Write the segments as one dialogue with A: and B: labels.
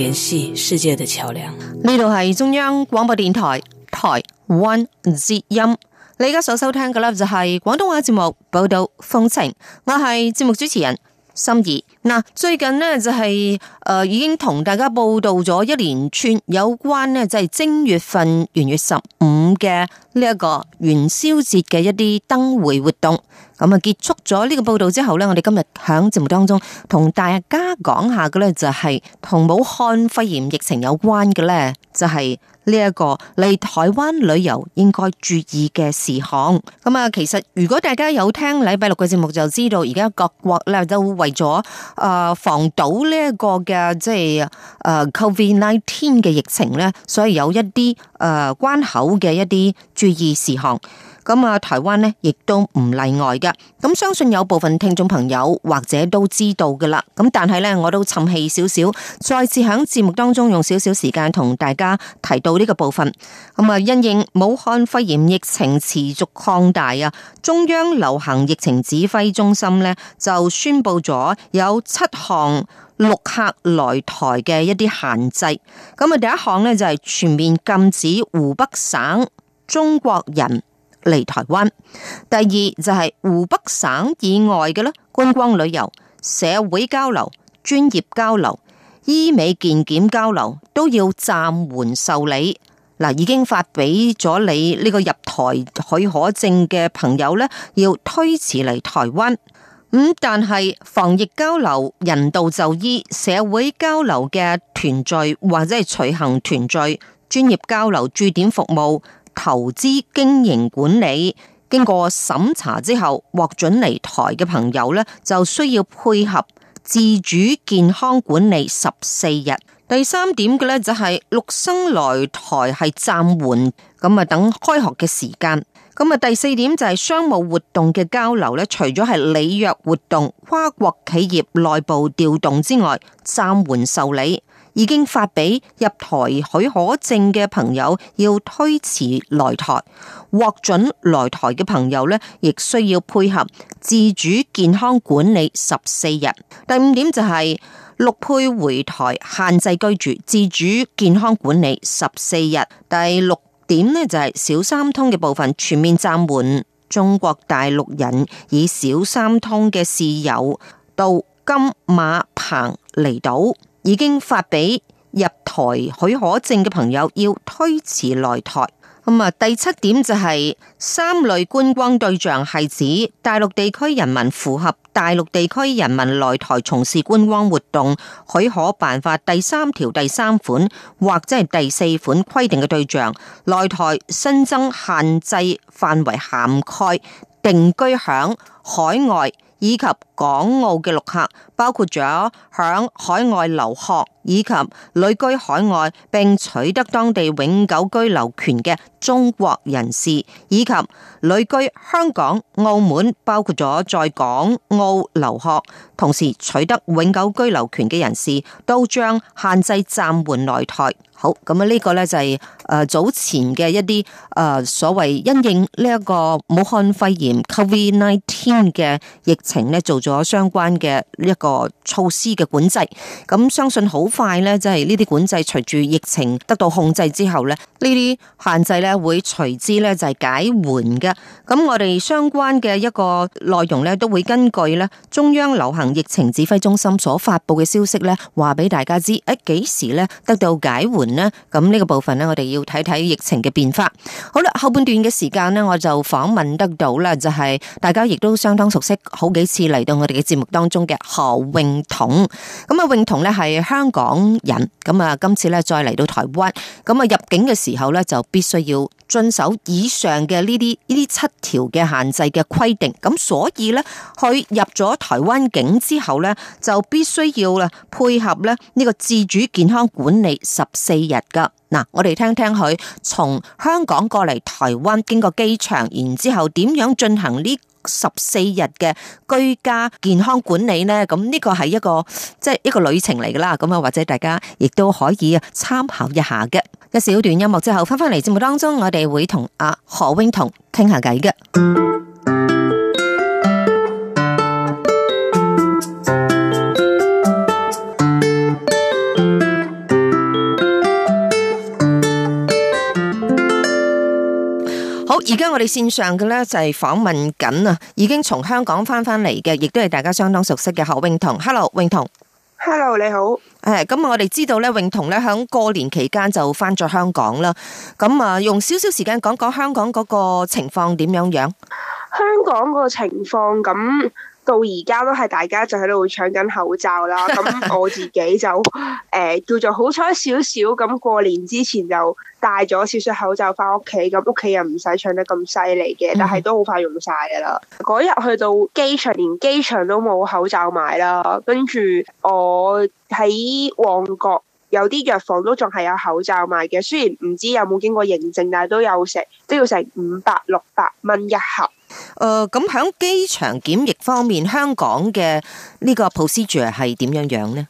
A: 聯繫世界的橋樑。呢度係中央廣播電台台灣之音。你而家所收聽嘅咧就係廣東話節目報道風情。我係節目主持人心儀。嗱，最近呢、就是，就係誒已經同大家報道咗一連串有關咧就係正月份元月十五嘅呢一個元宵節嘅一啲燈會活動。咁啊，結束咗呢個報道之後呢，我哋今日響節目當中同大家講下嘅呢，就係同武漢肺炎疫情有關嘅呢，就係呢一個嚟台灣旅遊應該注意嘅事項。咁啊，其實如果大家有聽禮拜六嘅節目，就知道而家各國呢，都為咗誒防堵呢一個嘅即係誒 COVID-19 嘅疫情呢，所以有一啲誒關口嘅一啲注意事項。咁啊，台灣咧，亦都唔例外嘅，咁相信有部分聽眾朋友或者都知道噶啦。咁但係咧，我都沉氣少少，再次響節目當中用少少時間同大家提到呢個部分。咁啊，因應武漢肺炎疫情持續擴大啊，中央流行疫情指揮中心咧就宣布咗有七項陸客來台嘅一啲限制。咁啊，第一項咧就係全面禁止湖北省中國人。嚟台灣，第二就係湖北省以外嘅啦，觀光旅遊、社會交流、專業交流、醫美健檢交流都要暫緩受理。嗱，已經發俾咗你呢個入台許可證嘅朋友咧，要推遲嚟台灣。咁但係防疫交流、人道就醫、社會交流嘅團聚或者係隨行團聚、專業交流、駐點服務。投資經營管理經過審查之後獲准嚟台嘅朋友呢，就需要配合自主健康管理十四日。第三點嘅呢，就係陸生來台係暫緩，咁啊等開學嘅時間。咁啊第四點就係商務活動嘅交流呢，除咗係履約活動、跨國企業內部調動之外，暫緩受理。已經發俾入台許可證嘅朋友要推遲來台，獲准來台嘅朋友呢，亦需要配合自主健康管理十四日。第五點就係陸配回台限制居住，自主健康管理十四日。第六點呢，就係小三通嘅部分全面暫緩，中國大陸人以小三通嘅事由到金馬澎離島。已經發俾入台許可證嘅朋友要推遲來台。咁啊，第七點就係、是、三類觀光對象係指大陸地區人民符合《大陸地區人民來台從事觀光活動許可辦法》第三條第三款或者係第四款規定嘅對象，來台新增限制範圍涵蓋定居響海外。以及港澳嘅陸客，包括咗響海外留學。以及旅居海外並取得當地永久居留權嘅中國人士，以及旅居香港、澳門，包括咗在港澳留學同時取得永久居留權嘅人士，都將限制暫緩來台。好，咁啊呢個咧就係誒早前嘅一啲誒所謂因應呢一個武漢肺炎 Covid nineteen 嘅疫情咧，做咗相關嘅呢一個措施嘅管制。咁相信好。快呢，即係呢啲管制隨住疫情得到控制之後呢，呢啲限制呢會隨之呢就係解緩嘅。咁我哋相關嘅一個內容呢都會根據呢中央流行疫情指揮中心所發布嘅消息呢話俾大家知誒幾時呢得到解緩呢，咁呢個部分呢我哋要睇睇疫情嘅變化。好啦，後半段嘅時間呢，我就訪問得到啦、就係，就係大家亦都相當熟悉好幾次嚟到我哋嘅節目當中嘅何泳彤。咁啊，泳彤呢，係香港。港人咁啊，今次咧，再嚟到台灣咁啊，入境嘅時候咧，就必須要遵守以上嘅呢啲呢啲七條嘅限制嘅規定。咁所以咧，佢入咗台灣境之後咧，就必須要啦配合咧呢個自主健康管理十四日噶嗱。我哋聽聽佢從香港過嚟台灣經過機場，然之後點樣進行呢？十四日嘅居家健康管理呢，咁呢個係一個即係、就是、一個旅程嚟噶啦，咁啊或者大家亦都可以參考一下嘅。一小段音樂之後，翻返嚟節目當中，我哋會同阿何泳彤傾下偈嘅。而家我哋線上嘅咧就係訪問緊啊，已經從香港翻返嚟嘅，亦都係大家相當熟悉嘅何泳彤。Hello，泳彤。Hello，你好。誒，咁我哋知道咧，泳彤咧響過年期間就翻咗香港啦。咁啊，用少少時間講講香港嗰個情況點樣樣？香港個情況咁。到而
B: 家都係大家就喺度搶緊口罩啦，咁我自己就誒、 呃、叫做好彩少少咁過年之前就帶咗少少口罩翻屋企，咁屋企人唔使搶得咁犀利嘅，但係都好快用晒噶啦。嗰 日去到機場，連機場都冇口罩賣啦，跟住我喺旺角有啲藥房都仲係有口罩賣嘅，雖然唔知有冇經過認證，但係都有成都要成
A: 五百六百蚊一盒。誒、呃，咁喺機場檢疫方面，香港嘅呢個 procedure 係點樣樣呢？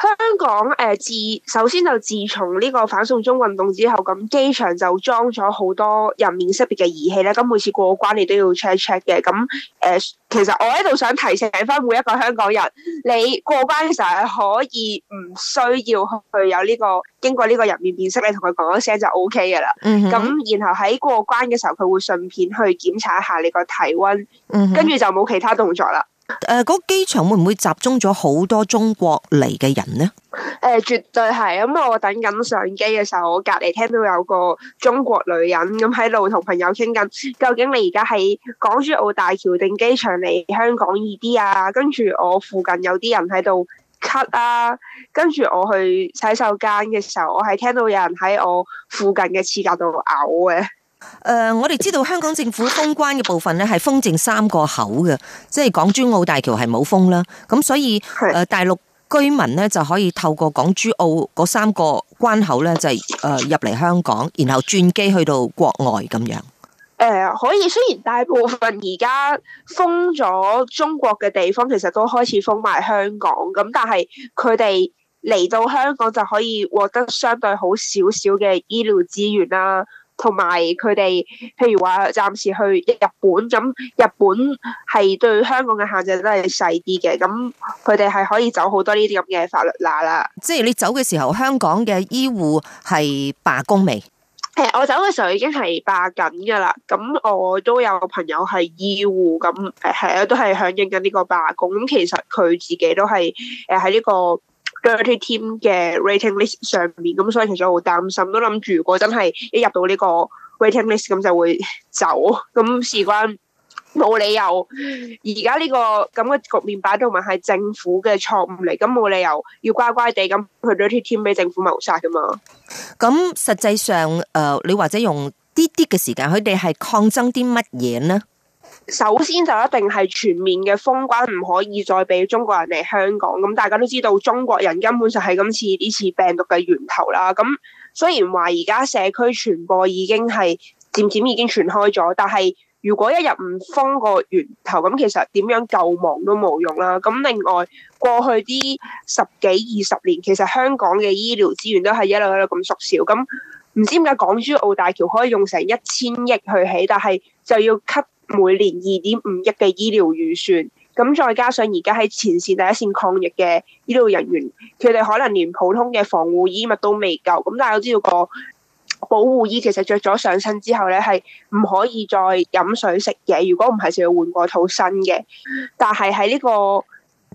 B: 香港、呃、自首先就自從呢個反送中運動之後，咁機場就裝咗好多人面識別嘅儀器咧。咁每次過關你都要 check check 嘅。咁、呃、其實我喺度想提醒翻每一個香港人，你過關嘅時候係可以唔需要去有呢個經過呢個人面辨識，你同佢講一聲就 OK 嘅啦。咁、mm -hmm. 然後喺過關嘅時候，佢會順便去檢查一下你個體温，跟住、mm-hmm. 就冇其他動作啦。
A: 誒、呃，嗰機場會唔會集中咗好多中國嚟嘅人呢？誒、
B: 呃，絕對係。咁我等緊上機嘅時候，我隔籬聽到有個中國女人咁喺度同朋友傾緊，究竟你而家喺港珠澳大橋定機場嚟香港易啲啊？跟住我附近有啲人喺度咳啊，跟住我去洗手間嘅時候，我係聽到有人喺我附近嘅廁格度嘔嘅。
A: 誒、呃，我哋知道香港政府封關嘅部分咧，係封淨三個口嘅，即係港珠澳大橋係冇封啦。咁所以誒、呃，大陸居民咧，就可以透過港珠澳嗰三個關口咧，就係誒入嚟香港，然後轉機去到國外咁樣。
B: 誒、呃，可以雖然大部分而家封咗中國嘅地方，其實都開始封埋香港咁，但係佢哋嚟到香港就可以獲得相對好少少嘅醫療資源啦。同埋佢哋，譬如話暫時去日本咁，日本係對香港嘅限制都係細啲嘅，咁佢哋係可以走好多呢啲咁嘅法律罅啦。
A: 即係你走嘅時候，香港嘅醫護係罷工未？
B: 係，我走嘅時候已經係罷緊㗎啦。咁我都有個朋友係醫護，咁誒係啊，都係響應緊呢個罷工。咁其實佢自己都係誒喺呢個。多啲 team 嘅 rating list 上面，咁所以其實我好擔心，都諗住如果真係一入到呢個 rating list，咁就會走。咁事關冇理由，而家呢個咁嘅局面擺到，埋係政府嘅錯誤嚟，咁冇理由要乖乖地咁去佢哋 team 俾政府謀殺㗎嘛。
A: 咁實際上，誒你或者用啲啲嘅時間，佢哋係抗爭啲乜嘢呢？
B: 首先就一定係全面嘅封關，唔可以再俾中國人嚟香港。咁大家都知道，中國人根本就係今次呢次病毒嘅源頭啦。咁雖然話而家社區傳播已經係漸漸已經傳開咗，但係如果一日唔封個源頭，咁其實點樣救亡都冇用啦。咁另外過去啲十幾二十年，其實香港嘅醫療資源都係一路一路咁縮小。咁唔知點解港珠澳大橋可以用成一千億去起，但係就要吸，每年二點五億嘅醫療預算，咁再加上而家喺前線第一線抗疫嘅醫療人員，佢哋可能連普通嘅防護衣物都未夠。咁大家都知道個保護衣其實着咗上身之後咧，係唔可以再飲水食嘢，如果唔係就要換過套新嘅。但係喺呢個。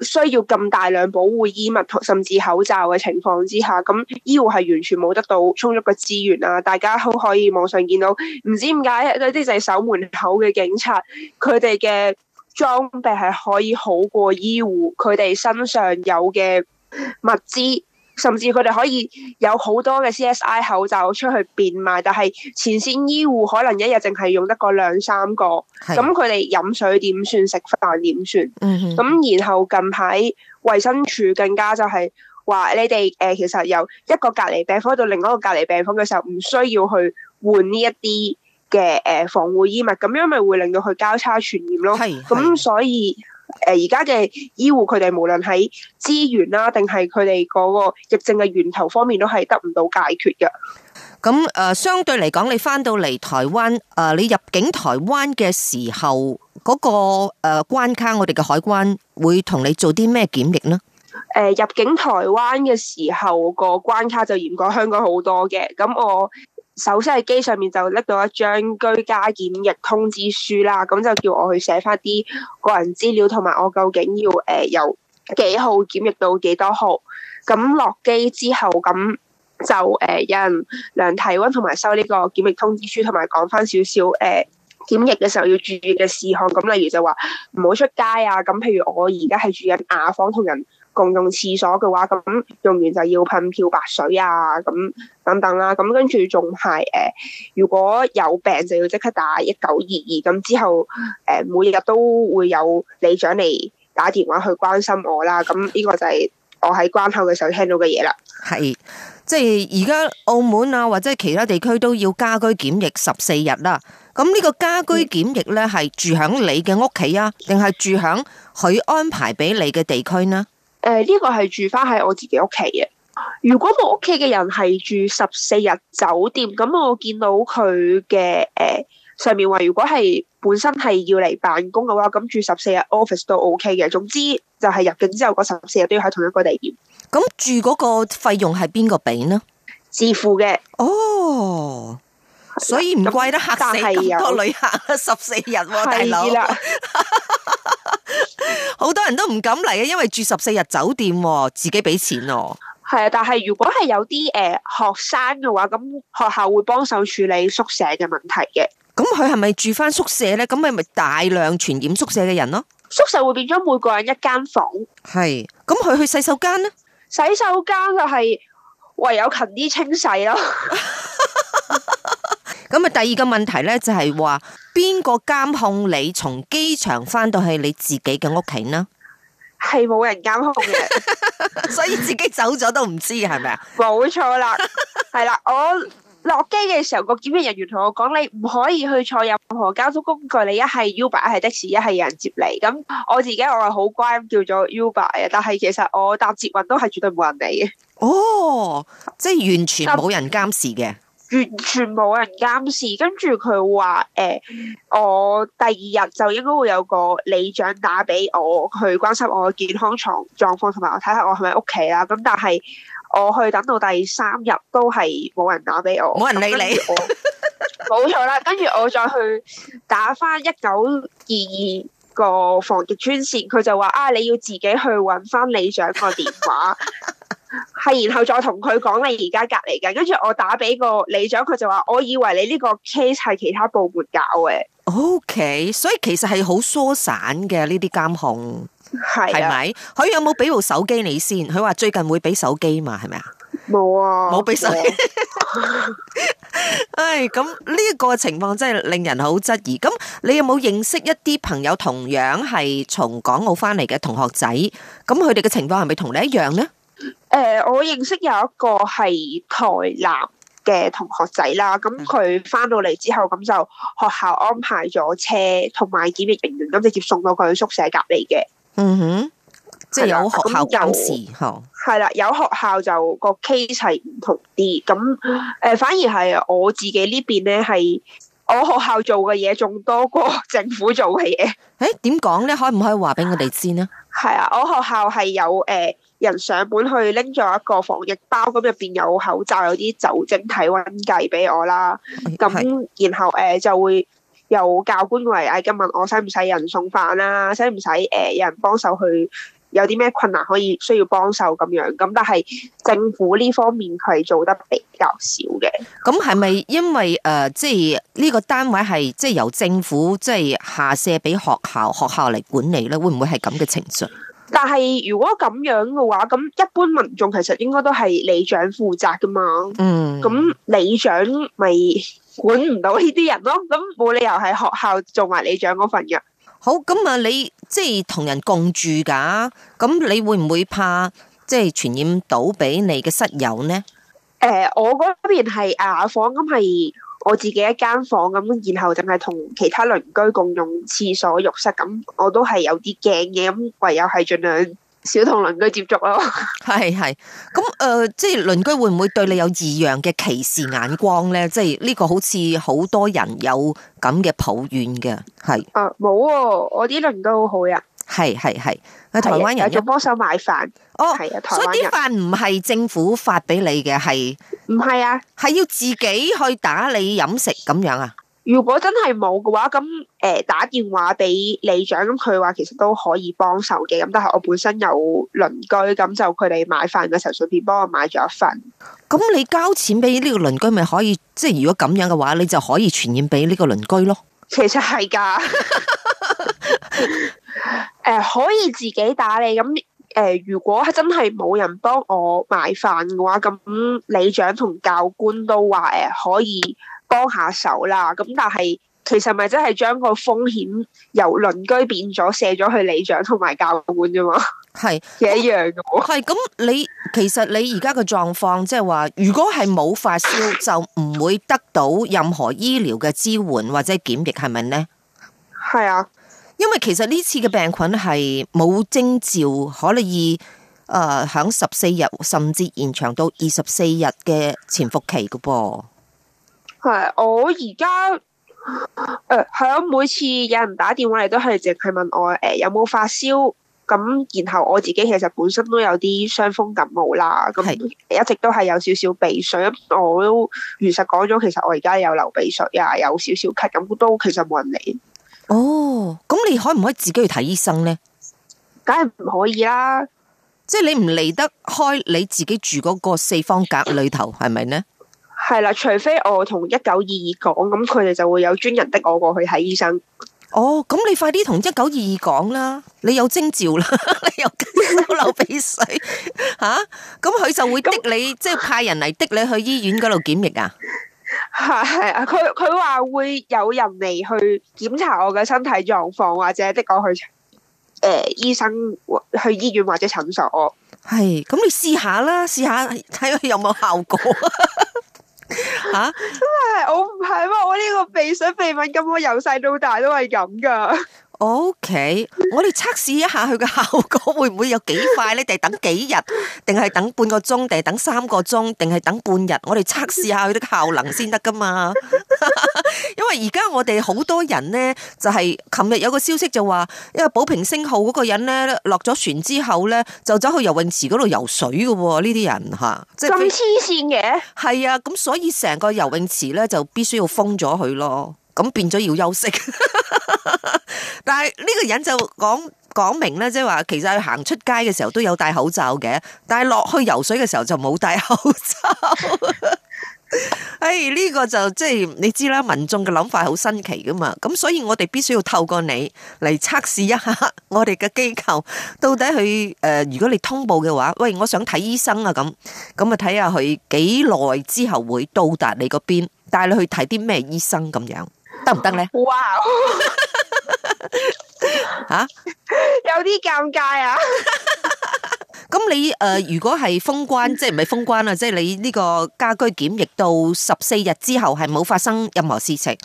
B: 需要咁大量保護衣物同甚至口罩嘅情況之下，咁醫護係完全冇得到充足嘅資源啊！大家都可以網上見到，唔知點解啲就係守門口嘅警察，佢哋嘅裝備係可以好過醫護，佢哋身上有嘅物資。甚至佢哋可以有好多嘅 C.S.I. 口罩出去變賣，但係前線醫護可能一日淨係用得個兩三個。咁佢哋飲水點算，食飯點算？咁、嗯、然後近排衛生署更加就係話你哋誒、呃，其實由一個隔離病房到另一個隔離病房嘅時候，唔需要去換呢一啲嘅誒防護衣物，咁樣咪會令到佢交叉傳染咯。咁所以。誒，而家嘅醫護佢哋無論喺資源啦，定係佢哋嗰個疫症嘅源頭方面，都係得唔到解決噶
A: 咁誒，相對嚟講，你翻到嚟台灣，誒，你入境台灣嘅時候嗰個誒關卡，我哋嘅海關會同你做啲咩檢疫呢？
B: 誒，入境台灣嘅時候個關卡就嚴過香港好多嘅，咁我。首先喺機上面就拎到一張居家檢疫通知書啦，咁就叫我去寫翻啲個人資料同埋我究竟要誒、呃、由幾號檢疫到幾多號。咁落機之後，咁就誒有人量體温同埋收呢個檢疫通知書，同埋講翻少少誒檢疫嘅時候要注意嘅事項。咁例如就話唔好出街啊。咁譬如我而家係住緊雅房同人共用廁所嘅話，咁用完就要噴漂白水啊，咁等等啦、啊。咁跟住仲係誒，如果有病就要即刻打一九二二。咁之後誒，每日都會有里長嚟打電話去關心我啦。咁、這、呢個就係我喺關口嘅時候聽到嘅嘢啦。
A: 係，即係而家澳門啊，或者其他地區都要家居檢疫十四日啦。咁呢個家居檢疫咧係住響你嘅屋企啊，定係住響佢安排俾你嘅地區呢？
B: 誒、呃、呢，這個係住翻喺我自己屋企嘅。如果我屋企嘅人係住十四日酒店，咁我見到佢嘅，誒上面話，如果係本身係要嚟辦公嘅話，咁住十四日 office 都 OK 嘅。
A: 總之就係入境之後嗰十四日都要喺同一個地點。咁住嗰個費用係邊個俾呢？自付嘅。哦，所以唔怪得吓死咁多旅客十四日喎，啊，大佬。是好多人都唔敢嚟啊，因為住十四日酒店，自己俾錢哦。
B: 係啊，但係如果係有啲誒、呃、學生嘅話，咁學校會幫手處理宿舍嘅問題嘅。
A: 咁佢係咪住翻宿舍咧？咁咪咪大量傳染宿舍嘅人咯？宿舍會變咗每個人一間房。係，咁佢去洗手間咧？洗手間就係
B: 唯有勤啲清洗咯。
A: 咁啊，第二個問題咧就係、是、話，邊個監控你從機場翻到去你自己嘅屋企呢？係冇人監控嘅 所以自己走咗都唔知係咪啊？冇
B: 是吧 錯啦，係啦，我落機嘅時候，個檢驗人員同我講，你唔可以去坐任何交通工具，你一係 Uber，一係的士，一係有人接你。咁我自己我係好乖，叫做 Uber 啊。但係其實我搭捷運都係絕對冇人理
A: 嘅。哦，即係完全冇人監視嘅。啊
B: 完全冇人監視，跟住佢話：誒、欸，我第二日就應該會有個理長打俾我，去關心我嘅健康狀狀況，同埋我睇下我係咪屋企啦。咁但係我去等到第三日都係冇人打俾我，冇人理你我。冇 錯啦，跟住我再去打翻一九二二個防疫專線，佢就話：啊，你要自己去揾翻理長個電話。 係，然後再同佢講你而家隔離緊，跟住我打俾個理長，佢就話我以為你呢個 case 係其他部門搞
A: 嘅。OK，所以其實係好疏散嘅呢啲監控，係係咪？佢有冇俾部手機你先？佢話最近會俾手機嘛？係咪啊？冇啊，冇俾手機。唉，咁呢一個情況真係令人好質疑。咁你有冇認識一啲朋友同樣係從港澳翻嚟嘅同學仔？咁佢哋嘅情況係咪同你一樣呢？
B: 誒、呃，我認識有一個係台南嘅同學仔啦，咁佢翻到嚟之後，咁就學校安排咗車，同埋檢疫人員咁直接送到佢宿舍隔離嘅。
A: 嗯哼，即係有學校嘅時候，
B: 係啦、嗯，有學校就個 case 係唔同啲，咁誒、呃，反而係我自己這邊呢邊咧，係我學校做嘅嘢仲多過政府做嘅嘢。誒、
A: 欸，點講咧？可唔可以話俾我哋知呢？
B: 係啊，我學校係有誒。呃人上門去拎咗一個防疫包，咁入邊有口罩，有啲酒精、體温計俾我啦。咁然後誒就會有教官過嚟，阿金問我使唔使人送飯啦，使唔使誒有人幫手去有啲咩困難可以需要幫手咁樣。咁但係政府呢方面佢係做得比較少嘅。
A: 咁係咪因為誒即係呢個單位係即係由政府即係下卸俾學校，學校嚟管理咧？會唔會係咁嘅程序？
B: 但係如果咁樣嘅話，咁一般民眾其實應該都係里長負責噶嘛。嗯，咁里長咪管唔到呢啲人咯。咁冇理由喺學校做埋里長嗰份嘅。
A: 好，咁啊，你即係同人共住噶，咁你會唔會怕即係、就是、傳染到俾你嘅室友呢？
B: 誒、呃，我嗰邊係雅、啊、房，咁係。我自己一間房咁，然後淨係同其他鄰居共用廁所、浴室，咁我都係有啲驚嘅，咁唯有係盡量少同鄰居接觸咯。
A: 係係，咁、呃、誒，即係鄰居會唔會對你有異樣嘅歧視眼光咧？即係呢個好似好多人有咁嘅抱怨嘅，係。啊，冇、啊，我啲鄰居好好、啊、嘅。係係係，啊台灣人又幫手買飯，哦係啊，所以啲飯唔係政府發俾你嘅，係唔係啊？係要自己去打理飲食咁樣啊？如果真
B: 係冇嘅話，咁誒打電話俾里長，咁佢話其實都可以幫手嘅，咁但係我本身有鄰居，咁就佢哋買飯嘅時候順便幫我買咗一份。
A: 咁你交錢俾呢個鄰居咪可以？即係如果咁樣嘅話，你就可以傳染俾呢個鄰居咯。其實係㗎、 呃，
B: 誒可以自己打理。咁、呃、誒，如果真係冇人幫我買飯嘅話，咁理長同教官都話誒、呃、可以幫一下手啦。咁但係其實咪真係將個風險由鄰居變咗卸咗去理長同埋教官啫嘛？
A: 係，一樣嘅。係咁，你其實你而家嘅狀況，即係話，如果係冇發燒，就唔會得到任何醫療嘅支援或者檢疫，係咪呢？係啊，因為其實呢次嘅病菌係冇徵兆，可以誒響十四日甚至延長到二十四日嘅潛伏期嘅噃。
B: 係、啊，我而家誒，響、呃、每次有人打電話嚟，都係淨係問我誒、呃、有冇發燒。咁，然後我自己其實本身都有啲傷風感冒啦，咁一直都係有少少鼻水。咁我都如實講咗，其實我而家有流鼻水啊，有少少咳，咁
A: 都其實冇人理。哦，咁你可唔可以自己去睇醫生呢？梗係唔可以啦！即係你唔離得開你自己住嗰個四方格裏頭，係咪呢？
B: 係啦，除非我同一九二二講，咁佢哋就會有專人
A: 帶我過去睇醫生。哦，咁你快啲同一九二二講啦，你有徵兆啦，你又繼續流鼻水吓，咁 佢、啊、就會的你，即、嗯、係、就是、派人嚟的你去醫院嗰度檢疫啊？係係啊，
B: 佢佢話會有人嚟去檢查我嘅身體狀況，或者的我去誒、呃、醫生去醫院或者診所。係，咁你試下啦，試下睇佢有冇效果。 吓 蛤，真 係我唔係，啊嘛我呢個鼻水鼻敏
A: 感，我由細到大都係咁噶。O、okay, K，我哋測試一下佢嘅效果，會唔會有幾快咧？定係等幾日，定係等半個鐘，定係等三個鐘，定係等半日？我哋測試下佢啲效能先得噶嘛。 因為而家我哋好多人呢，就係琴日有個消息就話，因為寶平星號嗰個人呢，落咗船之後呢，就走去游泳池嗰度游水噶、哦。呢啲人吓、啊，即係咁黐線嘅。係啊，咁所以成個游泳池呢，就必須要封咗佢咯。咁變咗要休息， 但係呢個人就講講明呢，即係話其實佢行出街嘅時候都有戴口罩嘅，但係落去游水嘅時候就冇戴口罩。誒，呢個就即係你知啦，民眾嘅諗法好新奇噶嘛，咁所以我哋必須要透過你嚟測試一下我哋嘅機構到底佢誒，如果你通報嘅話，喂，我想睇醫生啊，咁咁啊睇下佢幾耐之後會到達你嗰邊，帶你去睇啲咩醫生咁樣。得唔得呢？哇、wow. 啊！吓， 有啲尷尬啊！咁 你誒、呃，如果係封關，即係唔係封關啦，即、就、係、是、你呢個家居檢疫到十四日之後，係冇發生任何事情，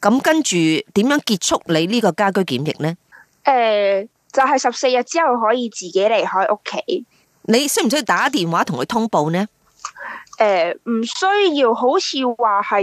A: 咁跟住點樣結束你呢個家居檢疫呢？
B: 誒、呃，就係十四日之後可以自己離開屋企。
A: 你需唔需要打電話同佢通報呢？
B: 誒、呃、唔需要，好似話係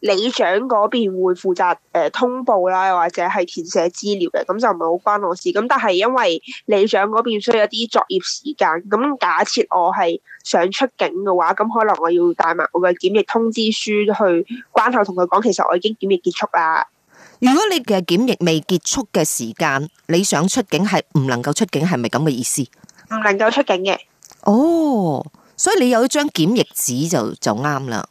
B: 里長嗰邊會負責、呃、通報啦，又或者係填寫資料嘅，咁就唔係好關我事。咁但係因為里長嗰邊需要一啲作業時間，咁假設我係想出境嘅話，咁可能我要帶埋我嘅檢疫通知書去關口同佢講，其實我已經檢疫結束啦。
A: 如果你嘅檢疫未結束嘅時間，你想出境係唔能夠出境，係咪咁嘅意思？唔能夠出境嘅。哦。所以你有一張檢疫紙就就啱啦，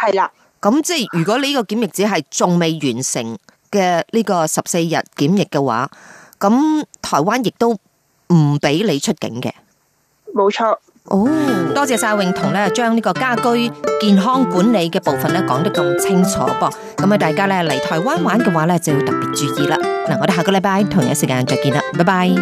A: 係啦。咁即係如果你呢個檢疫紙係仲未完成嘅呢個十四日檢疫嘅話，咁台灣亦都唔俾你出境嘅。冇錯。哦，多謝晒泳彤咧，將呢個家居健康管理嘅部分咧講得咁清楚噃。咁啊，大家咧嚟台灣玩嘅話咧就要特別注意啦。嗱，我哋下個禮拜同一時間再見啦，拜拜。